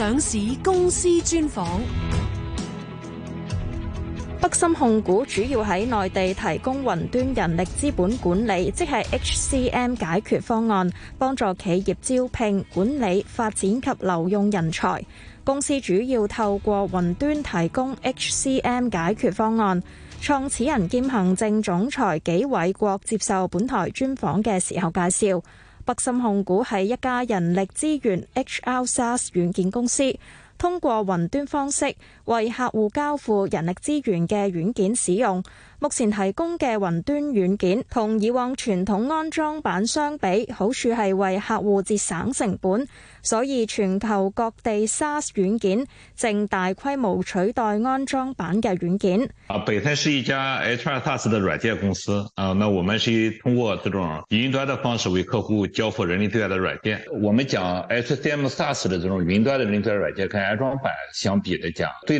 上市公司專訪。北森控股主要喺內地提供雲端人力資本管理，即係 HCM 解決方案，幫助企業招聘、管理、發展及留用人才。公司主要透過雲端提供 HCM 解決方案。創始人兼行政總裁紀偉國接受本台專訪嘅時候介紹。北森控股係一家人力資源 HR SaaS 軟件公司，通過雲端方式。為客戶交付人力資源嘅軟件使用，目前提供嘅雲端軟件同以往傳統安裝版相比，好處係為客戶節省成本，所以全球各地 SaaS 軟件正大規模取代安裝版嘅軟件。啊，北森是一家 HR SaaS 的軟件公司，啊，那我們是通過這種雲端的方式為客戶交付人力資源嘅軟件。我們講 HCM SaaS 的這種雲端的人力軟件，跟安裝版相比來講，最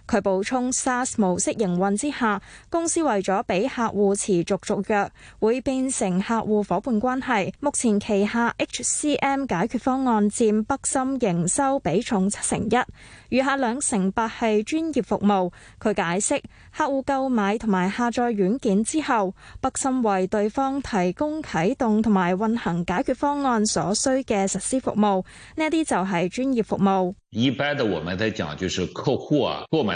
佢補充，SaaS 模式營運之下，公司為咗俾客戶持續續約，會變成客戶伙伴關係。目前旗下 HCM 解決方案佔北森營收比重七成一，餘下兩成八係專業服務。佢解釋，客戶購買同埋下載軟件之後，北森為對方提供啟動同埋運行解決方案所需嘅實施服務，呢啲就係專業服務。一般的我們在講，就是客戶啊，購買。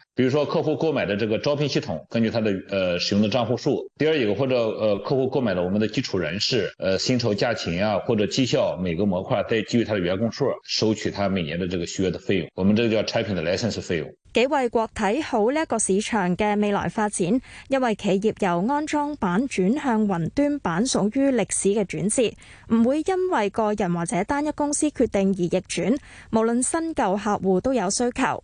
比如說，客戶購買的這個招聘系統，根據他的呃使用的賬戶數；第二一個或者呃，客戶購買了我們的基礎人事、呃薪酬、加薪啊或者績效每個模塊，再基於他的員工數收取他每年的這個需要的費用。我們這個叫產品的 license 費用。紀偉國睇好呢一個市場嘅未來發展，因為企業由安裝版轉向雲端版屬於歷史嘅轉折，唔會因為個人或者單一公司決定而逆轉。無論新舊客戶都有需求。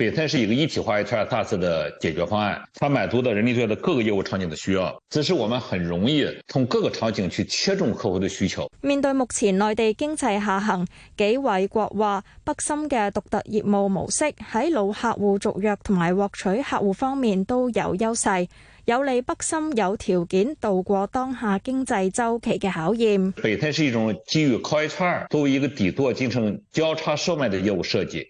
北森是一個一體化 HR SaaS 的解決方案，它滿足了人力資源的各個業務場景的需要，這使我們很容易從各個場景去切中客戶的需求。面對目前內地經濟下行，紀偉國話北森嘅獨特業務模式喺老客戶續約同埋獲取客戶方面都有優勢，有利北森有條件度過當下經濟周期嘅考驗。北森是一種基於 Core HR 作為一個底座進行交叉售賣的業務設計。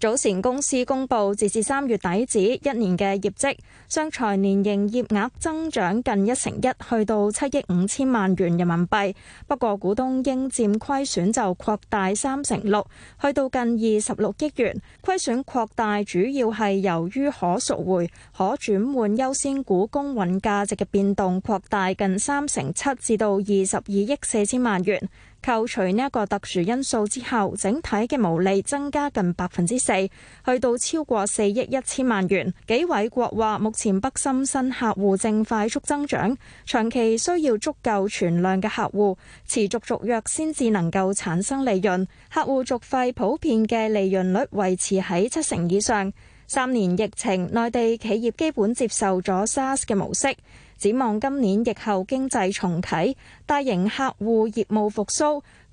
早前公司公布截至三月底止一年嘅業績，商財年營業業額增長近一成一，去到七億五千萬元人民幣。不過股東應佔虧損就擴大三成六，去到近二十六億元。虧損擴大主要係由於可贖回、可轉換優先股公允價值嘅變動擴大近三成七，至到二十二億四千萬元。扣除呢一個特殊因素之後，整體嘅毛利增加近百分之四，去到超過四億一千萬元。紀偉國話目前北森新客戶正快速增長，長期需要足夠存量嘅客戶持續續約先至能夠產生利潤。客戶續費普遍嘅利潤率維持喺七成以上。三年疫情內地企業基本接受咗 SaaS 嘅模式。展望今年疫後經濟重啟，大型客戶業務復甦。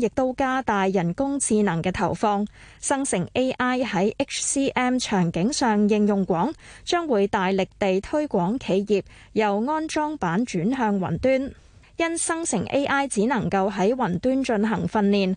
亦都加大人工智能嘅投放，生成 AI 喺 HCM 場景上應用廣，將會大力地推廣企業由安裝版轉向雲端，因生成 AI 只能夠喺雲端進行訓練。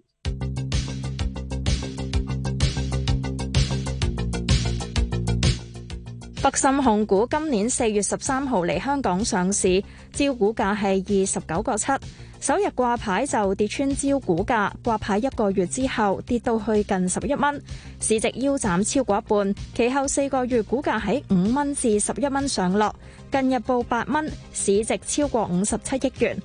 北森控股今年四月十三號嚟香港上市，招股價係二十九個七，首日掛牌就跌穿招股價，掛牌一個月之後跌到去近十一蚊，市值腰斬超過一半，其後四個月股價喺五蚊至十一蚊上落，近日報八蚊，市值超過五十七億元。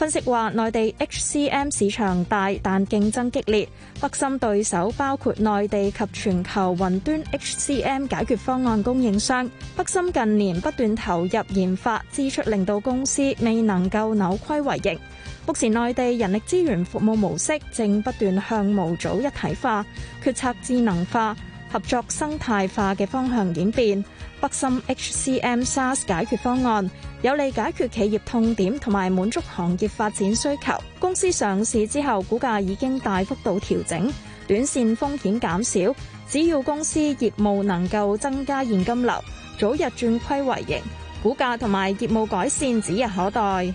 分析話，內地 HCM 市場大，但競爭激烈。北森對手包括內地及全球雲端 HCM 解決方案供應商。北森近年不斷投入研發支出，令到公司未能夠扭虧為盈。目前內地人力資源服務模式正不斷向模組一體化、決策智能化、合作生態化嘅方向演變。北森 HCM SaaS 解決方案有利解決企業痛點同埋滿足行業發展需求。公司上市之後，股價已經大幅度調整，短線風險減少。只要公司業務能夠增加現金流，早日轉虧為盈，股價同埋業務改善指日可待。